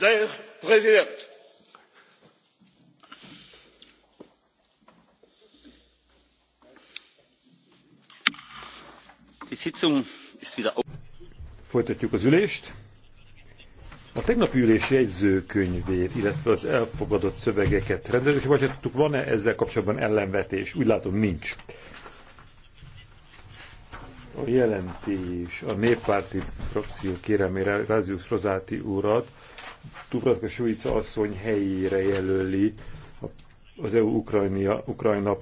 der präsident! folytatjuk az ülést. a tegnapi ülés jegyzőkönyvét illetve az elfogadott szövegeket rendelkezésre bocsátottuk van e ezzel kapcsolatban ellenvetés? úgy látom nincs. A jelentés a néppárti frakció kérelmére Rázius Rozáti úrat Dubravka Suica asszony helyére jelöli az EU-Ukrajna